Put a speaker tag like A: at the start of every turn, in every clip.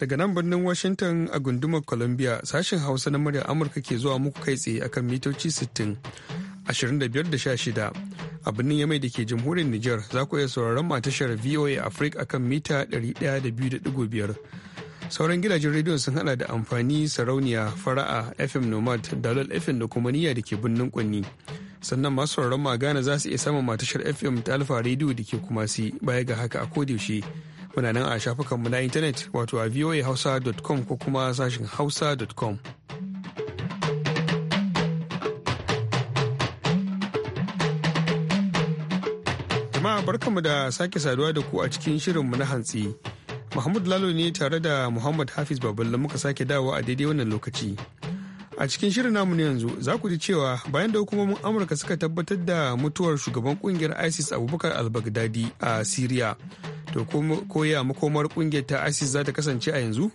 A: Daga nan birnin Washington a gundumar Columbia sashen Hausa na muryar Amurka ke zuwa muku kai tsaye akan mitoci 60, 25 A birnin Yamai da ke jamhuriyar niger za ku iya sauraron matashar VOA Africa akan mita 102.5. Sauran gidajen rediyon sun hada da amfani sarauniya fara'a FM Nomad, Dalol FM da kuma niyya da ke birnin Kwanni. sannan masu sauraron magana za su iya samun matashar fm ta alfa rediyo da ke kumasi baya ga haka a kodiyoshi Muna nan a shafukanmu na intanet wato a voahausa.com ko kuma sashin hausa.com. Jama'a barkanmu da sake saduwa da ku a cikin shirinmu na hantsi. Mahmud Lalo ne tare da Muhammad Hafiz Baballa muka sake dawo a daidai wannan lokaci. a cikin shirin namu na yanzu za ku ji cewa bayan da hukumomin amurka suka tabbatar da mutuwar shugaban kungiyar isis abubakar al-baghdadi a syria to ya makomar kungiyar ta isis za ta kasance a yanzu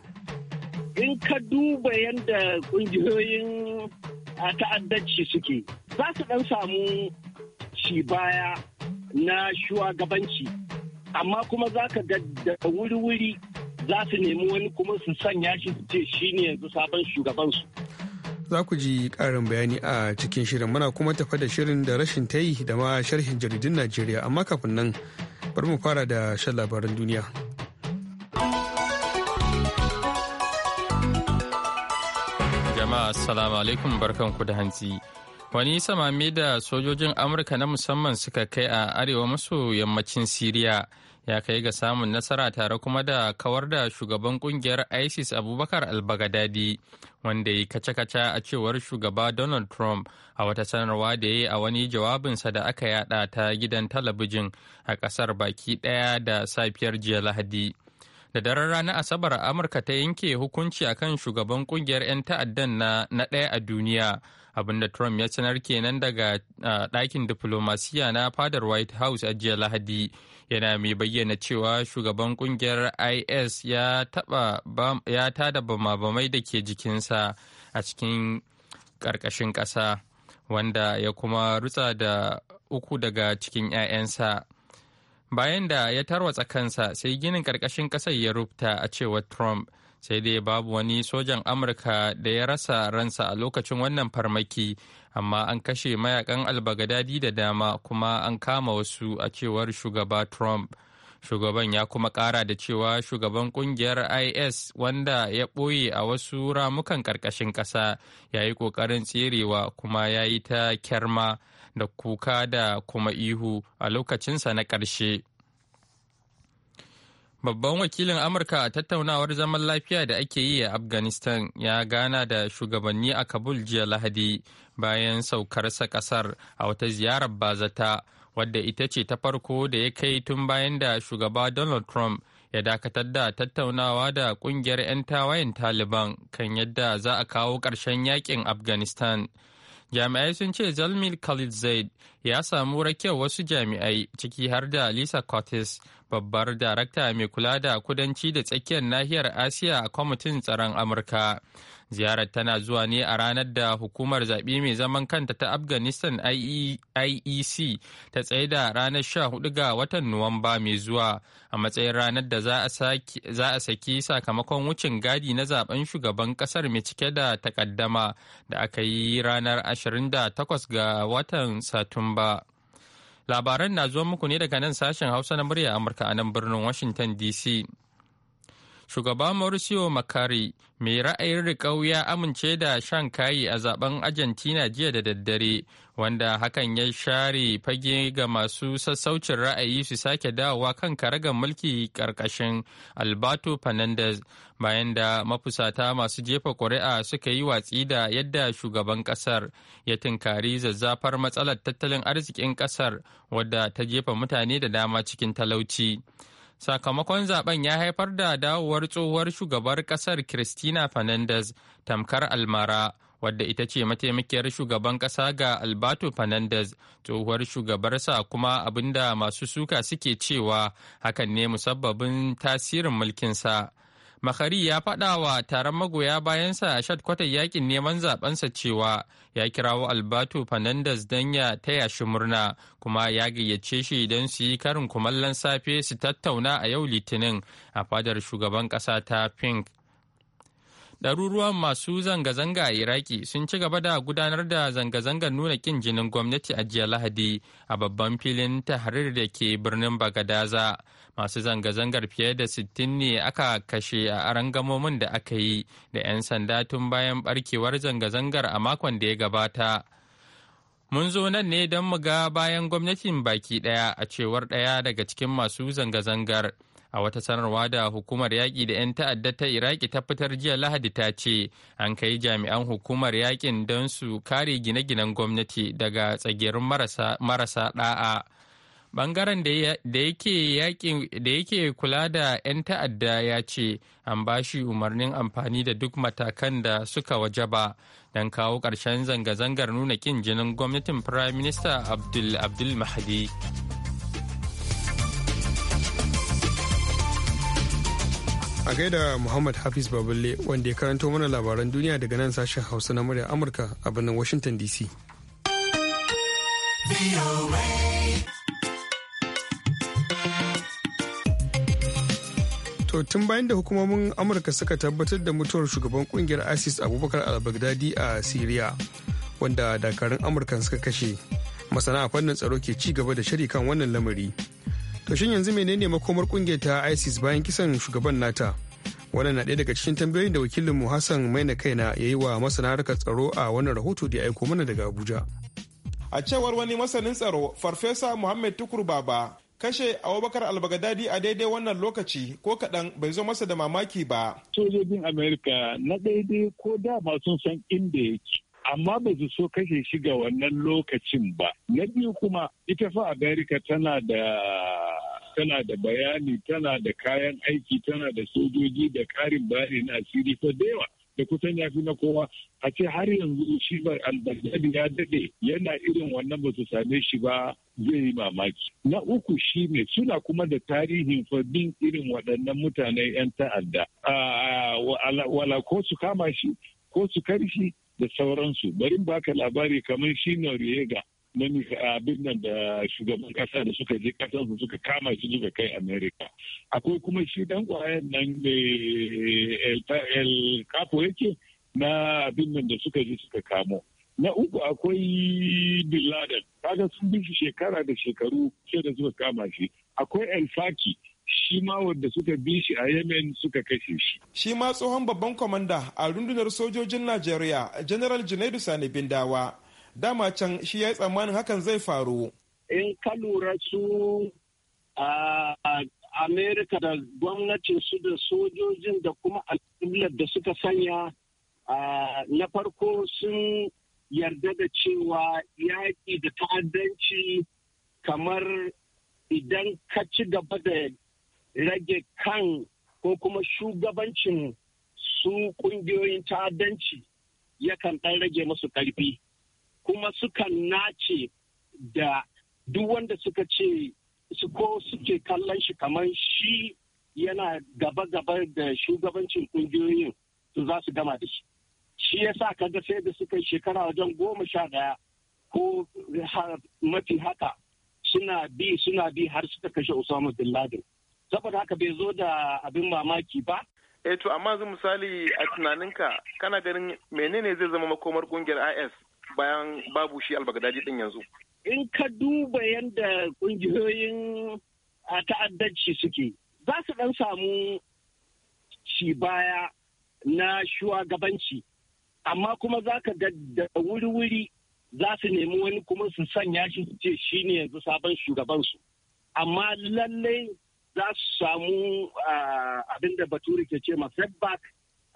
B: in ka duba yadda kungiyoyin ah, ta'addanci suke za su dan samu shi baya na shugabanci amma kuma za ka ga da wuri-wuri za su nemi wani kuma su sanya shi su ce shi ne yanzu sabon shugabansu
A: za ku ji ƙarin bayani a cikin shirin muna kuma tafa da shirin da rashin tayi da ma sharhin jaridun najeriya amma kafin nan bari mu fara da shan labaran duniya
C: jama'a assalamu alaikum barkanku da hantsi wani samame da sojojin amurka na musamman suka kai a arewa maso yammacin siriya ya kai ga samun nasara tare kuma da kawar da shugaban kungiyar isis abubakar albagadadi wanda ya kace-kace a cewar shugaba donald trump a wata sanarwa da ya yi a wani jawabinsa da aka yada ta gidan talabijin a kasar baki daya da safiyar jiya lahadi da daren ranar asabar amurka ta yanke hukunci akan shugaban kungiyar 'yan ta'addan na daya a duniya abinda trump ya sanar kenan daga ɗakin diflomasiya na fadar white house a jiya lahadi yana mai bayyana cewa shugaban kungiyar is ya tada bama-bamai da ke jikinsa a cikin ƙarƙashin ƙasa wanda ya kuma rutsa da uku daga cikin 'ya'yansa bayan da ya tarwatsa kansa sai ginin ƙarƙashin ƙasar ya rubuta a cewar trump sai dai babu wani sojan amurka da ya rasa ransa a lokacin wannan farmaki amma an kashe mayakan albagadadi da dama kuma an kama wasu a cewar shugaba trump shugaban ya kuma kara da cewa shugaban kungiyar is wanda ya ɓoye a wasu ramukan ƙarƙashin ƙasa ya yi ƙoƙarin tserewa kuma ya yi ta kyarma da kuka da kuma ihu a lokacinsa na ƙarshe. Babban wakilin Amurka a tattaunawar zaman lafiya da ake yi a Afghanistan ya gana da shugabanni a Kabul jiya Lahadi bayan saukarsa kasar a wata ziyarar bazata wadda ita ce ta farko da ya kai tun bayan da shugaba Donald Trump ya dakatar da tattaunawa da kungiyar 'yan tawayen Taliban kan yadda za a kawo ƙarshen yakin Afghanistan. Jami'ai sun ce Zalmil Khalid Zaid ya samu rakiyar wasu jami'ai ciki har da Lisa Curtis, babbar darakta mai kula da kudanci da tsakiyar nahiyar Asiya a kwamitin tsaron Amurka. Ziyarar tana zuwa ne a ranar da hukumar zaɓe mai zaman kanta ta Afghanistan IEC e ta tsaye da ranar 14 ga watan Nuwamba mai zuwa a matsayin ranar da za a saki sakamakon wucin gadi na zaben shugaban ƙasar mai cike da takaddama da aka yi ranar 28 ga watan Satumba. ba. Labaran na zuwa muku ne daga nan sashen Hausa na murya Amurka a nan birnin Washington DC. shugaba Mauricio Macari mai ra'ayin riƙau ya amince da shan kayi a zaben Argentina jiya da daddare, wanda hakan ya share fage ga masu sassaucin ra'ayi su sake dawowa kan karagar mulki ƙarƙashin Alberto Fernandez bayan da mafusata masu jefa ƙuri'a suka yi watsi da yadda shugaban ƙasar ya tunkari zazzafar matsalar tattalin arzikin ƙasar wadda ta jefa mutane da dama cikin talauci. sakamakon zaben ya haifar da dawowar tsohuwar shugabar kasar christina Fernandez tamkar almara wadda ita ce mataimakiyar shugaban kasa ga Alberto Fernandez tsohuwar shugabarsa kuma abinda masu suka suke cewa hakan ne musabbabin tasirin mulkin sa. Makari ya faɗa wa taron magoya bayansa a shatkwatar yakin neman zaɓensa cewa ya kirawo Alberto Fernandez don ya taya shi murna kuma ya gayyace shi don su yi karin kumallon safe su tattauna a yau Litinin a fadar shugaban ƙasa ta Pink. ɗaruruwan masu zanga-zanga a iraki sun ci gaba da gudanar da zanga-zangar nuna kin jinin gwamnati a jiya lahadi a babban filin tahrir da ke birnin bagadaza masu zanga-zangar fiye da 60 ne aka kashe a arangamomin da aka yi da 'yan sanda tun bayan barkewar zanga-zangar a makon da ya gabata mun zo nan ne don mu ga bayan gwamnatin baki ɗaya a cewar ɗaya daga cikin masu zanga-zangar a wata sanarwa da hukumar yaƙi da 'yan ta'adda ta iraki ta fitar jiya lahadi ta ce an kai jami'an hukumar yaƙin don su kare gine-ginen gwamnati daga tsagerin marasa ɗa'a Bangaren da yake kula da 'yan ta'adda ya ce an ba shi umarnin amfani da duk matakan da suka wajaba don kawo ƙarshen zanga-zangar nuna kin jinin gwamnatin prime minister Abdul Abdul Mahdi.
A: A gaida Muhammad Hafiz Baballe wanda ya karanto mana labaran duniya daga nan sashen Hausa na murya Amurka a birnin Washington DC. To tun bayan da hukumomin Amurka suka tabbatar da mutuwar shugaban kungiyar ISIS Abubakar al-Baghdadi a syria wanda dakarun Amurka suka kashe. Masana a fannin tsaro ke ci gaba da shari kan wannan lamari. To shin yanzu menene makomar kungiyar ta ISIS bayan kisan shugaban nata? Wannan na ɗaya daga cikin tambayoyin da wakilin mu Hassan kai na ya yi wa masana harkar tsaro a wannan rahoto da ya aiko mana daga Abuja.
D: A cewar wani masanin tsaro, Farfesa Muhammad Tukur Baba, kashe abubakar albagadadi a daidai wannan lokaci ko kaɗan bai zo masa da mamaki ba sojojin amerika na daidai ko dama sun san inda yake amma ba su so kashe shi ga wannan lokacin ba na biyu kuma ita fa
E: amerika tana da tana da bayani tana da kayan aiki tana da sojoji da karin bayani na asiri fa da yawa da kusan ya fi na kowa a ce har yanzu shi ba albagdadi ya daɗe. yana irin wannan ba su same shi ba zai yi mamaki na uku shi ne suna kuma da tarihin fabin irin waɗannan mutane 'yan ta'adda wala ko su kama shi ko su karshi da sauransu Barin baka labari kamar shi noriega na abin nan da shugaban kasa da suka je su suka kama shi suka kai america akwai kuma shi dan kwayan nan el capo yake na abin nan da suka je suka kamo na uku akwai bin laden kaga sun bi shi shekara da shekaru
D: sai da suka kama shi akwai el faki shi ma wanda suka bi shi a yemen suka kashe shi shi ma tsohon babban kwamanda a rundunar sojojin najeriya general junaidu sani bindawa dama can shi ya yi tsammanin hakan zai faru. In ka
B: lura su a Amerika da gwamnatin su da sojojin da kuma al'ummar da suka sanya na farko sun yarda da cewa yaƙi da ta'addanci kamar idan ka ci gaba da rage kan ko kuma shugabancin su ƙungiyoyin ta'addanci yakan ɗan rage masu ƙarfi. kuma sukan nace da duk wanda suka ce su ko suke kallon shi kamar shi yana gaba-gaba da shugabancin kungiyoyin su za su gama da shi shi ya sa kaga sai da suka shekara wajen goma sha daya ko mafi haka suna bi suna bi har suka kashe Usama bin Laden saboda haka bai zo da abin mamaki ba
D: eh to amma zan misali a tunaninka kana ganin menene zai zama makomar kungiyar IS bayan babu shi albagadaji din yanzu
B: in ka duba yadda kungiyoyin ah, ta'addanci suke za su dan samu ci baya na shugabanci amma kuma za ka ga da wuri-wuri za su nemi wani kuma su sanya shi su ce shi ne yanzu sabon shugabansu amma lallai za su samu ah, abin da bature ke ce ma setback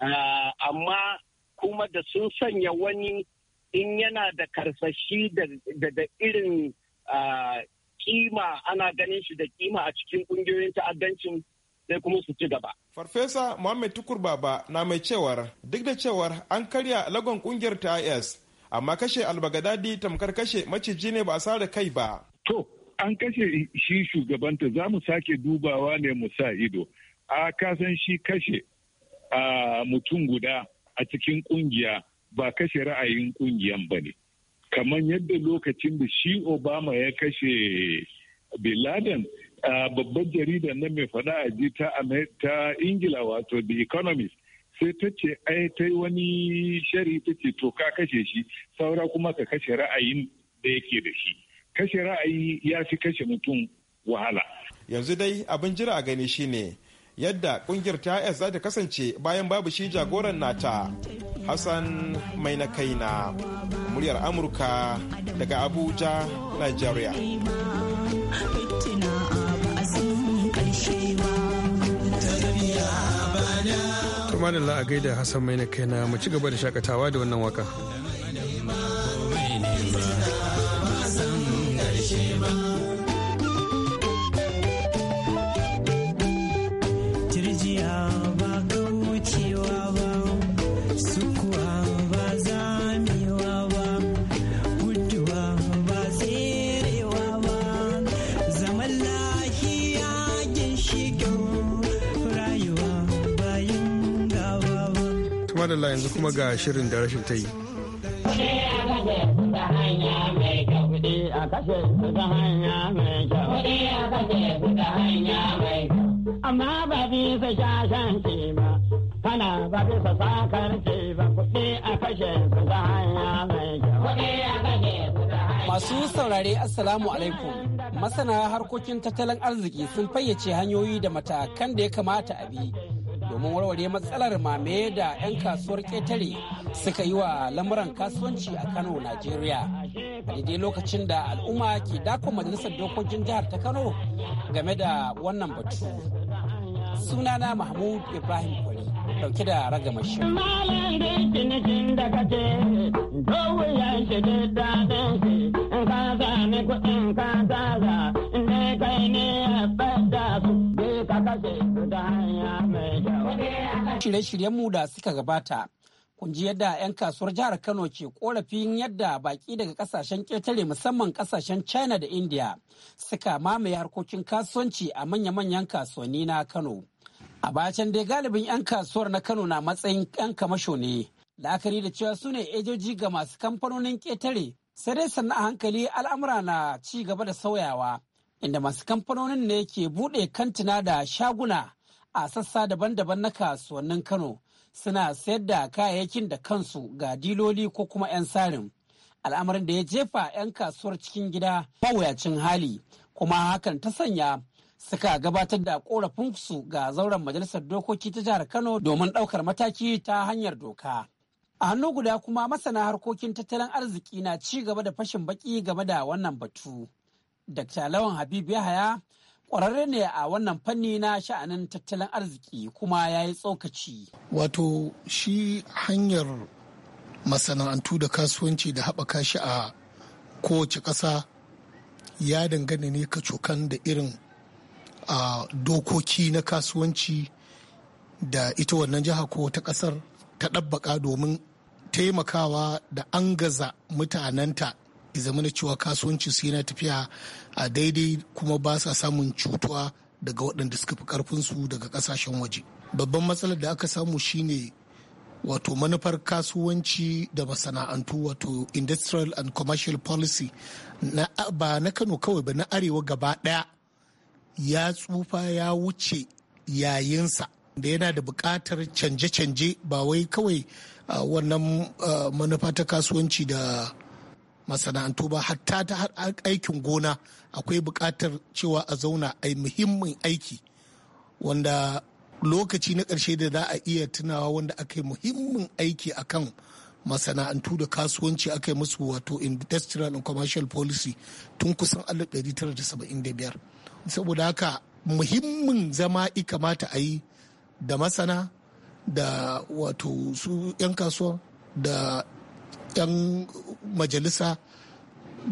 B: ah, amma kuma da sun sanya wani in yana da karsashi da irin kima ana ganin shi da kima a cikin kungiyoyin ta'addancin sai kuma su ci gaba.
D: Farfesa Muhammad Tukur Baba na mai cewar duk da cewar an karya lagon kungiyar ta IS amma kashe albagadadi tamkar kashe maciji ne ba a da kai ba. To, an kashe shi shugabanta za mu sake dubawa ne mu sa ido. A kasan
E: shi kashe a mutum guda a cikin kungiya ba kashe ra'ayin kungiyan ba ne kamar yadda lokacin da shi obama ya kashe bin laden babbar jaridar nan mai faɗa a ji ta ingila wato the economist sai ta ce ai ta yi wani shari ta ce to ka kashe shi saura kuma ka kashe ra'ayin da yake da shi
D: kashe ra'ayi ya fi kashe mutum wahala yanzu dai abin jira a gani shine yadda kungiyar ta za ta kasance bayan babu shi jagoran nata Hassan mai na muryar Amurka daga Abuja, Nigeria.
A: da a gaida Hassan Mainakaina mu ci gaba da shakatawa da wannan waka. madalla yanzu kuma ga shirin da rashin ta yi.
F: Amma ba bisa shashan ce ba, kana ba bisa sakar ce ba, kuɗi a kashe su ta hanya mai kyau. Kuɗi kashe su ta hanya. Masu saurare Assalamu alaikum. Masana harkokin tattalin arziki sun fayyace hanyoyi da matakan da ya kamata a bi domin warware matsalar mame da 'yan kasuwar ketare suka yi wa lamuran kasuwanci a Kano, Najeriya. A daidai lokacin da al'umma ke dakon majalisar dokokin jihar ta Kano game da wannan batu. Sunana Mahmud Ibrahim Kwari dauke da ragama shi. kuɗin kai ne shirye-shiryen mu Shirye-shiryenmu da suka gabata kun ji yadda 'yan kasuwar jihar Kano ke korafin yadda baki daga kasashen ƙetare musamman kasashen China da India suka mamaye harkokin kasuwanci a manya-manyan kasuwanni na Kano. A bacin dai galibin 'yan kasuwar na Kano na matsayin 'yan kamasho ne, la'akari da cewa su ne ejoji ga masu kamfanonin ƙetare, sai dai sannan a hankali al'amura na ci gaba da sauyawa. inda masu kamfanonin ne ke buɗe kantina da shaguna a sassa daban-daban na kasuwannin Kano suna sayar da kayayyakin da kansu ga diloli ko kuma 'yan sarin. Al'amarin da ya jefa 'yan kasuwar cikin gida mawuyacin hali kuma hakan ta sanya suka gabatar da korafin su ga zauren majalisar dokoki ta jihar Kano domin ɗaukar mataki ta hanyar doka. A hannu guda kuma masana harkokin tattalin arziki na ci gaba da fashin baki game da wannan batu. Dr. Lawan Habibu Yahaya ƙwararre ne a wannan fanni na sha'anin tattalin arziki kuma ya yi tsokaci.
G: Wato shi hanyar masana'antu da kasuwanci da haɓaka shi a kowace ƙasa ya dangane ne kacokan da irin a dokoki na kasuwanci da ita wannan jiha ko ta ƙasar ta ɗabbaƙa domin taimakawa da an gaza mutanenta ya zama da cewa kasuwanci su yana tafiya a daidai kuma ba sa samun cutuwa daga waɗanda suka fi ƙarfinsu daga ƙasashen waje babban matsalar da aka samu shine wato manufar kasuwanci da masana'antu wato industrial and commercial policy na ba na kano kawai ba na arewa gaba ɗaya ya tsufa ya wuce yayinsa da yana da buƙatar canje-canje ba wai kawai wannan manufa ta kasuwanci da masana'antu ba hatta ta aikin gona akwai buƙatar cewa a zauna a muhimmin aiki wanda lokaci na ƙarshe da za a iya tunawa wanda aka yi muhimmin aiki a kan masana'antu da kasuwanci aka yi musu wato industrial and commercial policy tun kusan 1975 saboda haka muhimmin zama i kamata a yi da masana da wato su 'yan kasuwa da 'yan majalisa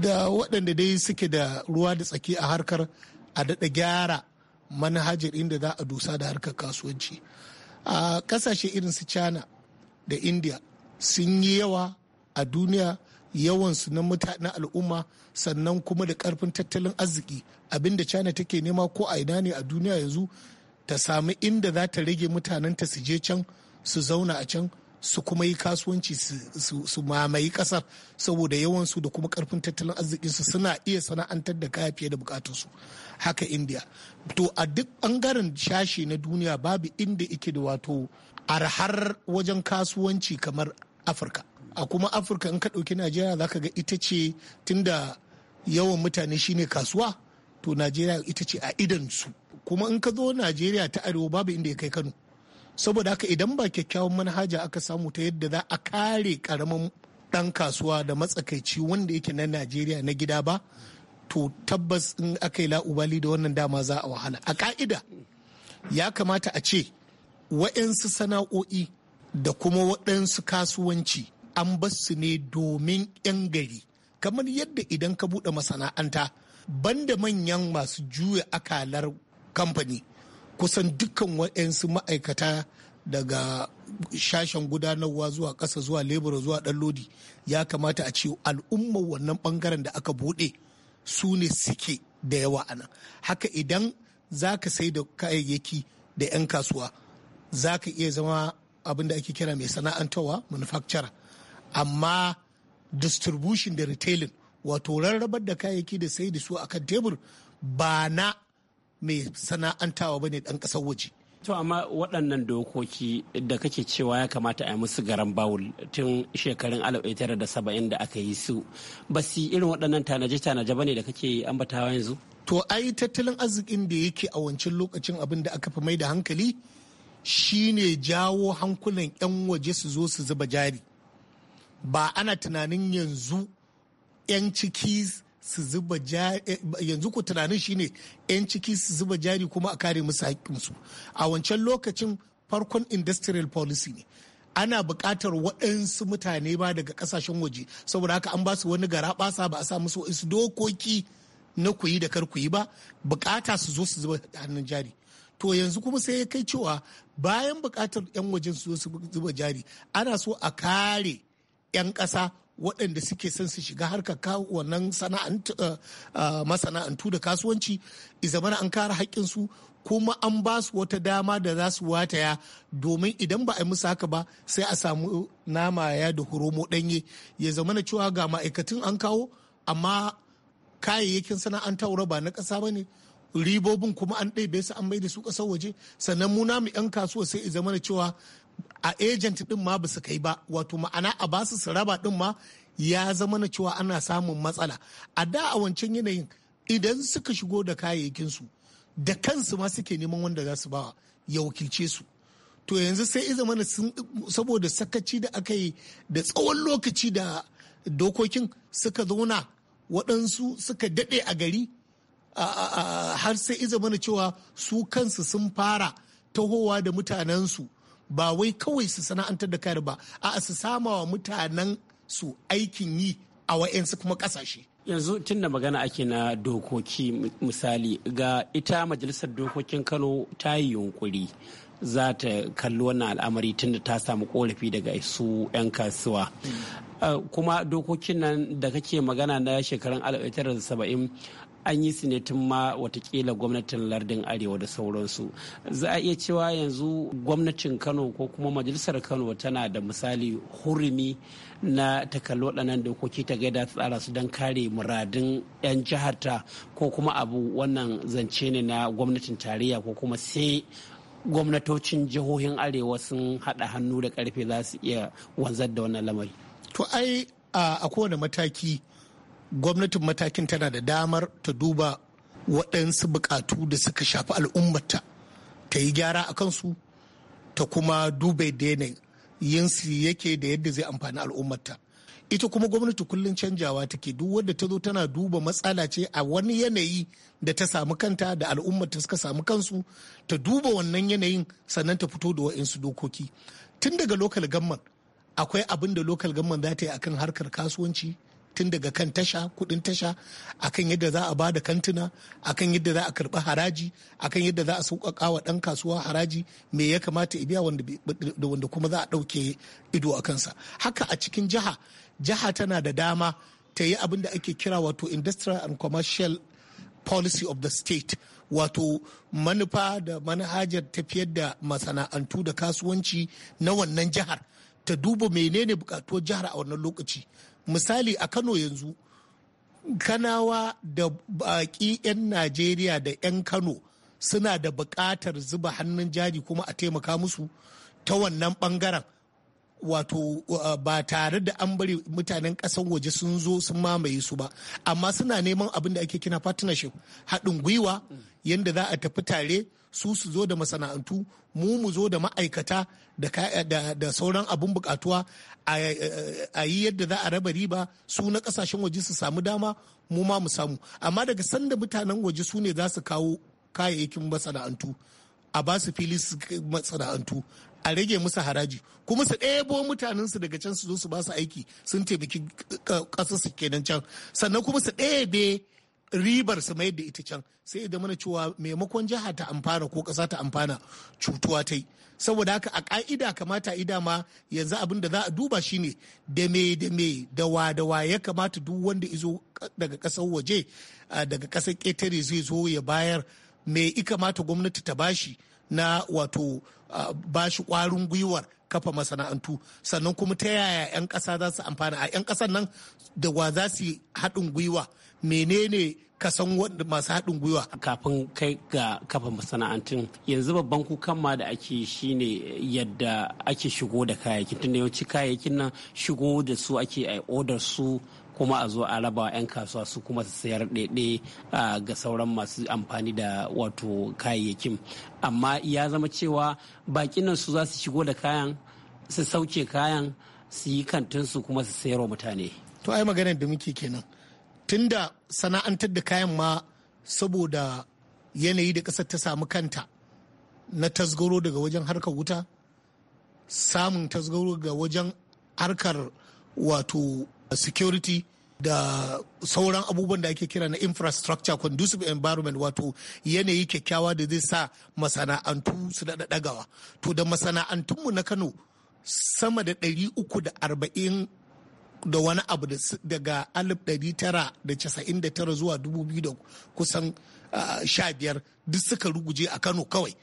G: da waɗanda dai suke da ruwa da tsaki a harkar a daɗa gyara manhajar inda za a dusa da harkar kasuwanci a ƙasashe irin su china da india sun yi yawa a duniya yawansu na mutane al'umma sannan kuma da ƙarfin tattalin arziki abinda china take nema ko a ina ne a duniya yanzu ta sami inda za ta rage mutanenta su je can su zauna a can su kuma yi kasuwanci su mamayi kasar saboda yawansu da kuma karfin tattalin su suna iya sana'antar da kaya fiye da bukatunsu haka india to a duk bangaren shashi na duniya babu inda ike da wato arhar wajen kasuwanci kamar afirka a kuma afirka in ka ɗauki najeriya za ka ga ita ce tunda yawan mutane shine kasuwa to najeriya ita ce a idan su kuma in ka zo najeriya ta arewa babu inda ya kai kano saboda haka idan ba kyakkyawan manhaja aka samu ta yadda za a kare karamin dan kasuwa da matsakaici wanda yake na najeriya na gida ba to tabbas in aka yi la'ubali da wannan dama za a wahala a ka'ida ya kamata a ce wa'insu sana'o'i da kuma waɗansu kasuwanci an su ne domin 'yan gari kamar yadda idan ka buɗe masana'anta banda manyan masu juya akalar kamfani kusan dukkan waɗansu ma'aikata daga shashen gudanarwa zuwa ƙasa zuwa lebura zuwa ɗan lodi ya kamata a ce al'ummar wannan ɓangaren da aka buɗe su ne suke da yawa a nan haka idan za ka sai da kayayyaki da 'yan kasuwa za ka iya zama abin da ake kira mai sana'antarwa manufacturer amma distribution da retailing wato rarrabar da kayayyaki da sai da su a kan tebur
F: ba na mai sana'antawa bane dan ɗan ƙasar waje. To amma waɗannan dokoki da kake cewa ya kamata a yi musu garan bawul tun shekarun 1970 da aka yi su ba su irin waɗannan tanaje-tanaje ba ne da kake ambatawa yanzu? To ai tattalin arzikin da yake a wancan lokacin abin da aka fi mai da hankali
G: shine jawo hankulan 'yan waje su zo su zuba jari. Ba ana tunanin yanzu 'yan ciki su zuba jari eh, yanzu ku tunanin shine 'yan ciki su zuba jari kuma a kare musu haƙƙinsu a wancan lokacin farkon industrial policy ne ana buƙatar waɗansu mutane ba daga ƙasashen waje saboda haka an ba su wani gara ba a sa musu wasu dokoki na kuyi da kar kuyi ba buƙata su zo su zuba hannun jari to yanzu kuma sai ya kai cewa bayan buƙatar 'yan wajen su zo su zuba jari ana so a kare 'yan ƙasa waɗanda suke son su shiga harkar wannan eh, eh, masana'antu da kasuwanci izamana an kare haƙƙinsu kuma an ba su wata dama da za su wataya domin idan ba a yi musu haka ba sai a samu nama ya da horomo ɗanye ya zamana cewa ga ma'aikatun an kawo amma kayayyakin sana'antar ba na ƙasa ba ne ribobin kuma an ɗaibe su an mai da su ƙasar waje sannan mu namu 'yan kasuwa sai ya zama cewa a agent din ma ba su kai ba wato ma'ana a basu su raba din ma ya zama na cewa ana samun matsala a da a wancan yanayin idan suka shigo da kayayyakin su da kansu ma suke neman wanda za su ba ya wakilce su to yanzu sai iza mana saboda sakaci da aka yi da tsawon lokaci da dokokin suka zauna waɗansu suka daɗe a gari har sai iza mana cewa su kansu sun fara tahowa da mutanensu ba wai kawai su sana'antar da kayar ba a su sama wa mutanen su aikin yi a wa'yansu kuma kasashe
F: yanzu tun da magana ake na dokoki misali ga ita majalisar dokokin kano ta yi yunkuri za ta kalli wannan al'amari tun da ta samu korafi daga su 'yan kasuwa mm. eh, kuma dokokin nan da kake magana na shekarun 1970 an yi su ne tun ma watakila gwamnatin lardin arewa da sauransu za a iya cewa yanzu gwamnatin kano ko kuma majalisar kano tana da misali hurumi na takalli waɗannan dokoki ta gaida tsara su don kare muradin 'yan jiharta ko kuma abu wannan zance ne na gwamnatin tarayya ko kuma sai gwamnatocin jihohin arewa sun haɗa hannu da ƙarfe za su iya wanzar da wannan lamari to ai
G: a kowane mataki gwamnatin matakin tana da damar ta duba waɗansu buƙatu da suka shafi al'ummata ta yi gyara a kansu ta kuma duba yanayin yinsu yake da yadda zai amfani al'ummata ita kuma gwamnati kullum canjawa take duk wadda ta zo tana duba matsala ce a wani yanayi da ta samu kanta da al'ummata suka samu kansu ta duba wannan yanayin sannan ta fito da wa'insu dokoki tun daga lokal gamman akwai abin da lokal gamman za ta yi akan harkar kasuwanci tun daga kan tasha kudin tasha akan yadda za a ba da kantuna akan yadda za a karbi haraji akan yadda za a sauƙaƙa wa ɗan kasuwa haraji me ya kamata biya wanda kuma za a ɗauke ido a kansa haka a cikin jiha jiha tana da dama ta yi abin da ake kira wato industrial and commercial policy of the state wato manufa da manhajar tafiyar da masana'antu da kasuwanci na wannan jihar ta duba menene bukatuwar jihar a wannan lokaci misali a kano yanzu kanawa da baki 'yan najeriya da 'yan kano suna da bukatar zuba hannun jari kuma a taimaka musu ta wannan ɓangaren wato uh, ba tare da an bari mutanen ƙasar waje sun zo sun mamaye su ba amma suna neman abin da ake kina partnership haɗin gwiwa yadda za a tafi tare su su zo da masana'antu mu mu zo da ma'aikata da sauran abun bukatuwa a yi yadda za a raba riba su na kasashen waje su samu dama mu ma mu samu amma daga sanda mutanen waje su ne za su kawo kayayyakin masana'antu a ba su fili masana'antu a rage musu haraji kuma su ɗebo su daga can su zo su ba su aiki sun taimaki ƙasarsu kenan can sannan kuma su ɗebe ribar su mayar da ita can sai da mana cewa maimakon jiha ta amfana ko ƙasa ta amfana cutuwa ta yi saboda haka a ƙa'ida kamata ida ma yanzu abin da za a duba shine da me da me da wa da wa ya kamata duk wanda izo daga ƙasar waje daga ƙasar ƙetare zai zo ya bayar me ika kamata gwamnati ta bashi na wato bashi kwarin gwiwar kafa masana'antu sannan kuma ta yaya 'yan kasa za su amfana a 'yan ƙasan
F: nan da wa za su haɗin gwiwa menene ka kasan masu haɗin gwiwa kafin kai ga kafa masana'antun yanzu babban kukan ma da ake shine yadda ake shigo da kayayyakin tunda yawanci kayayyakin nan shigo da su ake a odar su kuma a zo a raba 'yan kasuwa su kuma su sayar ɗaiɗe ga sauran masu amfani da wato kayayyakin amma ya zama cewa baƙin nan su za su shigo da kayan su sauke kayan su yi kantinsu kuma su sayar wa mutane to ai maganar da muke kenan tunda sana'antar da kayan ma saboda
G: yanayi da ƙasar ta samu kanta na tasgaro daga wajen harkar wuta samun tasgaro daga wajen harkar wato security da sauran abubuwan da ake kira na infrastructure conducive environment wato yanayi kyakkyawa da zai sa masana'antu su da dagawa to da masana'antunmu na kano sama da 340 da wani abu daga 1999 zuwa 2000 kusan 15 duk suka ruguje a kano kawai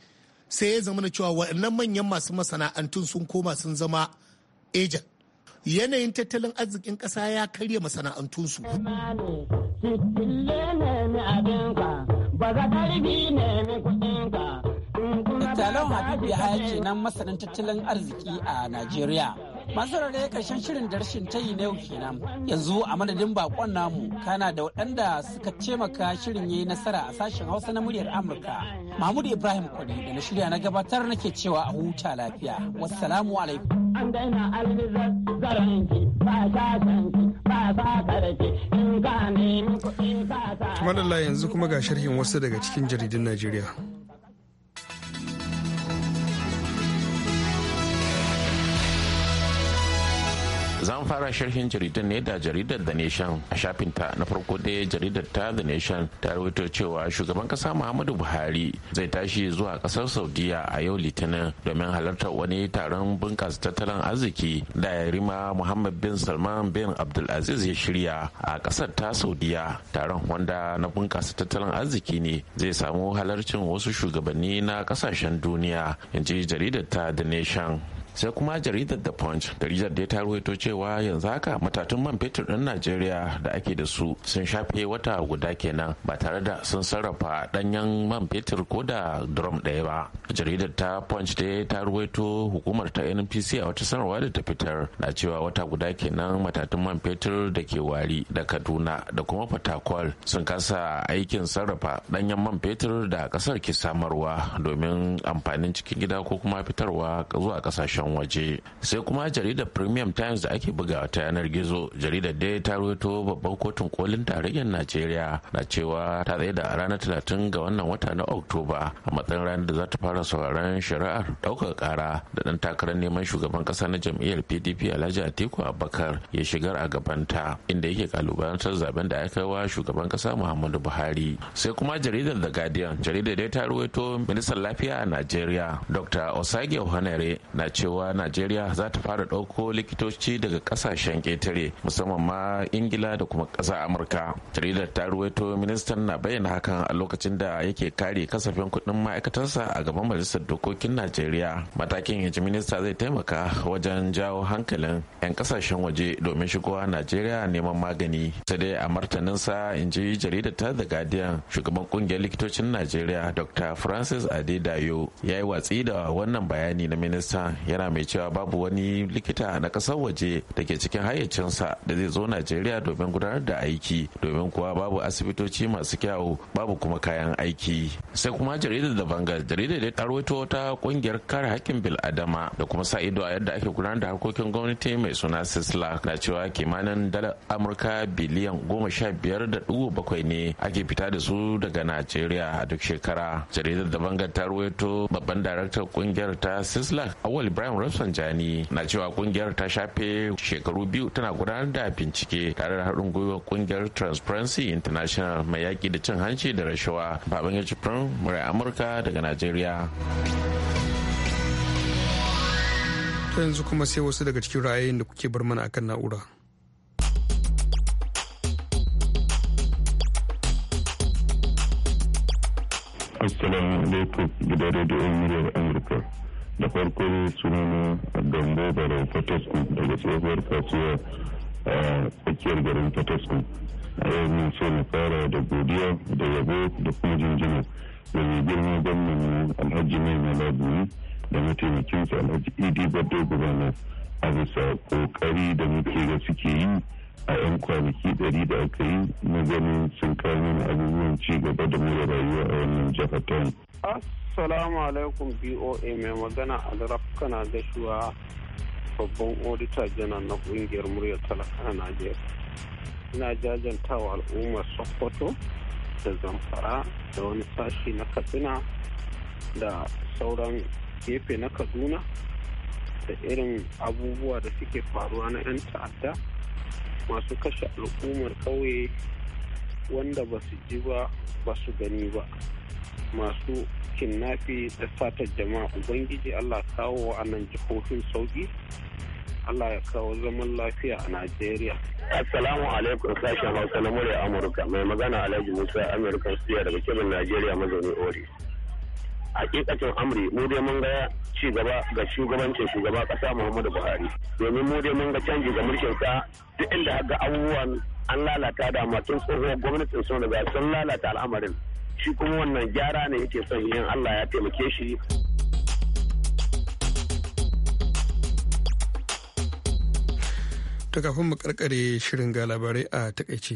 G: sai ya zama na cewa waɗannan manyan masu masana'antun sun koma sun zama agent yanayin tattalin arzikin ƙasa ya karya masana'antunsu.
F: Talon Habib haya kenan masanin tattalin arziki a Najeriya. masu ya karshen shirin da rashin yi na yau kenan yanzu a madadin bakon namu kana da waɗanda suka taimaka shirin yayi nasara a sashen hausa na muryar amurka mahmud ibrahim kwade da na shirya na gabatar nake cewa a huta lafiya wassalamu alaikum an daina almizar zaranki ba shashanki ba sakarki in ka nemi kuɗi
A: ka yanzu kuma ga sharhin wasu daga cikin jaridun Najeriya.
H: an fara sharhin jaridar ne da jaridar da Nation a shafin ta na farko dai jaridar ta The Nation ta rawaito cewa shugaban kasa Muhammadu Buhari zai tashi zuwa kasar Saudiya a yau Litinin domin halartar wani taron bunkasa tattalin arziki da yarima Muhammad bin Salman bin Abdulaziz ya shirya a kasar ta Saudiya. Taron wanda na bunkasa tattalin arziki ne zai samu halarcin wasu shugabanni na kasashen duniya, in ji jaridar ta The Nation. sai kuma jaridar the punch jaridar da ya ta ruwaito cewa yanzu haka matatun man fetur ɗin najeriya da ake da su sun shafe wata guda kenan ba tare da sun sarrafa ɗanyen man fetur ko da drum ɗaya ba jaridar ta punch dai ta ruwaito hukumar ta npc a wata sanarwa da ta fitar na cewa wata guda kenan matatun man fetur da ke wari da kaduna da kuma fatakwal sun kasa aikin sarrafa ɗanyen man fetur da kasar ke samarwa domin amfanin cikin gida ko kuma fitarwa zuwa ƙasashen kasashen waje sai kuma jaridar premium times da ake buga ta yanar gizo jaridar dai ta ruwaito babban kotun kolin tarayyar najeriya na cewa ta tsaye da ranar talatin ga wannan wata na oktoba a matsayin ranar da za ta fara sauraron shari'ar ɗaukar kara da ɗan takarar neman shugaban ƙasa na jam'iyyar pdp alhaji atiku abubakar ya shigar a gaban ta, inda yake kalubalantar zaben da aka wa shugaban ƙasa muhammadu buhari sai kuma jaridar the guardian jaridar dai ta ruwaito ministan lafiya a najeriya dr osage ohanere na cewa cewa najeriya za ta fara ɗauko likitoci daga ƙasashen ƙetare musamman ma ingila da kuma ƙasar amurka jaridar ta ruwaito ministan na bayyana hakan a lokacin da yake kare kasafin kuɗin ma'aikatarsa a gaban majalisar dokokin najeriya matakin yaji minista zai taimaka wajen jawo hankalin 'yan kasashen waje domin shigowa najeriya neman magani sai dai a martaninsa in ji jaridar ta the guardian shugaban kungiyar likitocin najeriya dr francis adedayo ya yi watsi da wannan bayani na minista yana yana mai cewa babu wani likita na kasar waje da ke cikin hayyacinsa da zai zo najeriya domin gudanar da aiki domin kuwa babu asibitoci masu kyau babu kuma kayan aiki sai kuma jaridar da bangal jaridar da tarwato ta kungiyar kare hakkin adama da kuma sa ido a yadda ake gudanar da harkokin gwamnati mai suna sisla na cewa kimanin dalar amurka biliyan goma sha biyar da dubu bakwai ne ake fita da su daga najeriya a duk shekara jaridar da bangal ta babban daraktar kungiyar ta sisla awal ibrahim ibrahim jani na cewa kungiyar ta shafe shekaru biyu tana gudanar da bincike tare da haɗin gwiwar kungiyar transparency international mai yaƙi da cin hanci da rashawa baban ya ci murai amurka daga najeriya
A: yanzu kuma sai wasu daga cikin ra'ayoyin da kuke bar mana akan na'ura
H: Assalamu alaikum gidan rediyon muryar Amurka. da farko sunana gambo barau fatasku daga tsohuwar kasuwa a tsakiyar garin fatasku a yau mun so na fara da godiya da yabo da kuma jinjina da mai girma gwamnan alhaji mai malabuni da sa
B: alhaji idi bado gudanar a bisa kokari da muke ga suke yi a
A: 'yan kwanaki ɗari da aka yi na ganin sun kawo mana abubuwan ci gaba da mura rayuwa a wannan jihar
F: Assalamu alaikum BOA mai magana Alraf kana gashuwa babban odita janar na kungiyar muryar talaka a Najeriya. Ina jajantawa al'ummar Sokoto da Zamfara da wani sashi na Katsina da sauran gefe na Kaduna da irin abubuwa da suke faruwa na 'yan ta'adda masu kashe al'ummar kauye wanda ba su ji ba ba su gani ba masu nafi da satar jama'a ubangiji allah kawo a nan jihohin sauki allah ya kawo zaman lafiya a najeriya assalamu alaikum sashen hausa na murya amurka mai magana alhaji musa Amurka, siya daga kebin
B: najeriya mazauni ori hakikacin amri mu dai mun ga ci gaba ga shugabancin shugaba kasa muhammadu buhari domin mu dai mun ga canji ga mulkin sa duk inda ga abubuwan an lalata da matun tsoho gwamnatin sun riga sun lalata al'amarin shi kuma wannan gyara ne yake son yin Allah ya taimake shi
A: ta kafin mu karkare shirin ga labarai a takaice.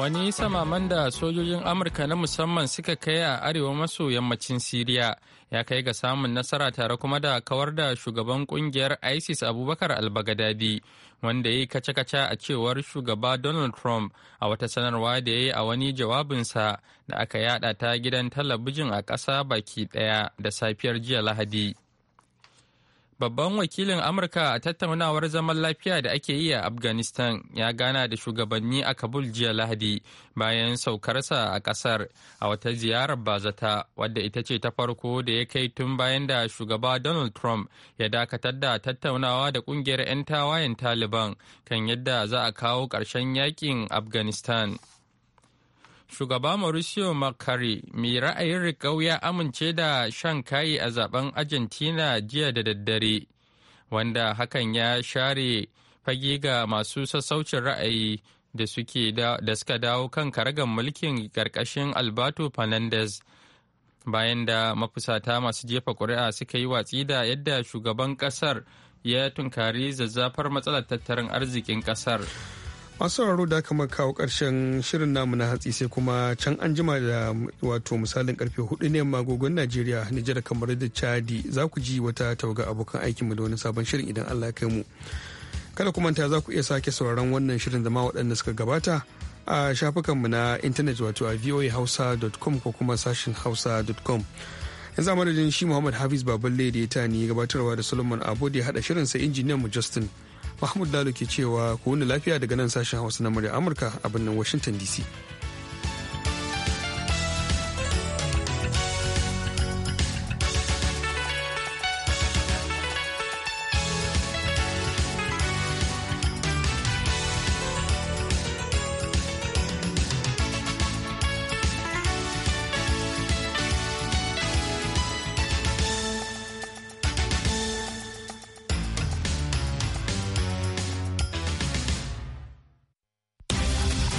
C: Wani samaman da sojojin Amurka na musamman suka kai a arewa maso yammacin Siriya ya kai ga samun nasara tare kuma da kawar da shugaban kungiyar ISIS Abubakar al wanda ya yi kace-kace a cewar shugaba Donald Trump a wata sanarwa da ya yi a wani jawabinsa da aka yada ta gidan talabijin a ƙasa baki ɗaya da safiyar jiya Lahadi. Babban wakilin Amurka a tattaunawar zaman lafiya da ake yi a Afghanistan ya gana da shugabanni a Kabul jiya Lahadi bayan saukarsa a kasar a wata ziyarar bazata wadda ita ce ta farko da ya kai tun bayan da shugaba Donald Trump ya dakatar da tattaunawa da ƙungiyar 'yan tawayen Taliban kan yadda za a kawo ƙarshen yakin Afghanistan. shugaba Mauricio Macri mai ra'ayin riƙau ya amince da shan kayi a zaben Argentina jiya da daddare, wanda hakan ya share fage ga masu sassaucin ra'ayi da suke da suka dawo kan karagan mulkin ƙarƙashin Alberto Fernandez. Bayan da mafusata masu jefa ƙuri'a suka yi watsi da yadda shugaban ƙasar ya tunkari zazzafar matsalar tattalin arzikin ƙasar.
A: masu sauraro da aka kawo karshen shirin namu na hatsi sai kuma can an jima da wato misalin karfe hudu ne magogon najeriya nijar kamar da chadi za ku ji wata tauga abokan aikinmu da wani sabon shirin idan allah kai mu kada ku manta za ku iya sake sauraron wannan shirin zama waɗanda suka gabata a shafukanmu na intanet wato a voahausa.com ko kuma sashin hausa.com yanzu madadin shi muhammad hafiz baballe da ya ta ni gabatarwa da solomon abu da ya haɗa shirin sai injiniyan mu justin mahmud lalo ke cewa ku wani lafiya daga nan sashen hausa na murya amurka a birnin washington dc